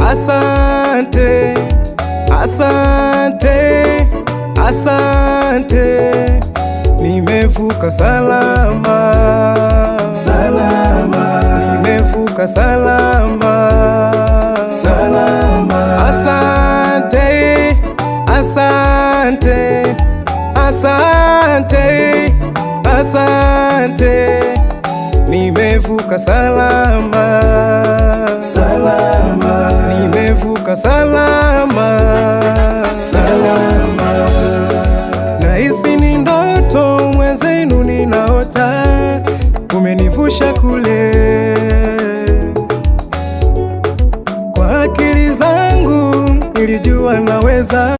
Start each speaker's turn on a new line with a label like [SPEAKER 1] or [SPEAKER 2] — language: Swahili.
[SPEAKER 1] Asante, asante, asante, asante, nimevuka salama,
[SPEAKER 2] salama,
[SPEAKER 1] nimevuka salama,
[SPEAKER 2] salama.
[SPEAKER 1] Asante, asante, asante, asante, nimevuka salama salama,
[SPEAKER 2] salama
[SPEAKER 1] Na nahisi ni ndoto mwenzenu ninaota, umenivusha kule kwa akili zangu nilijua naweza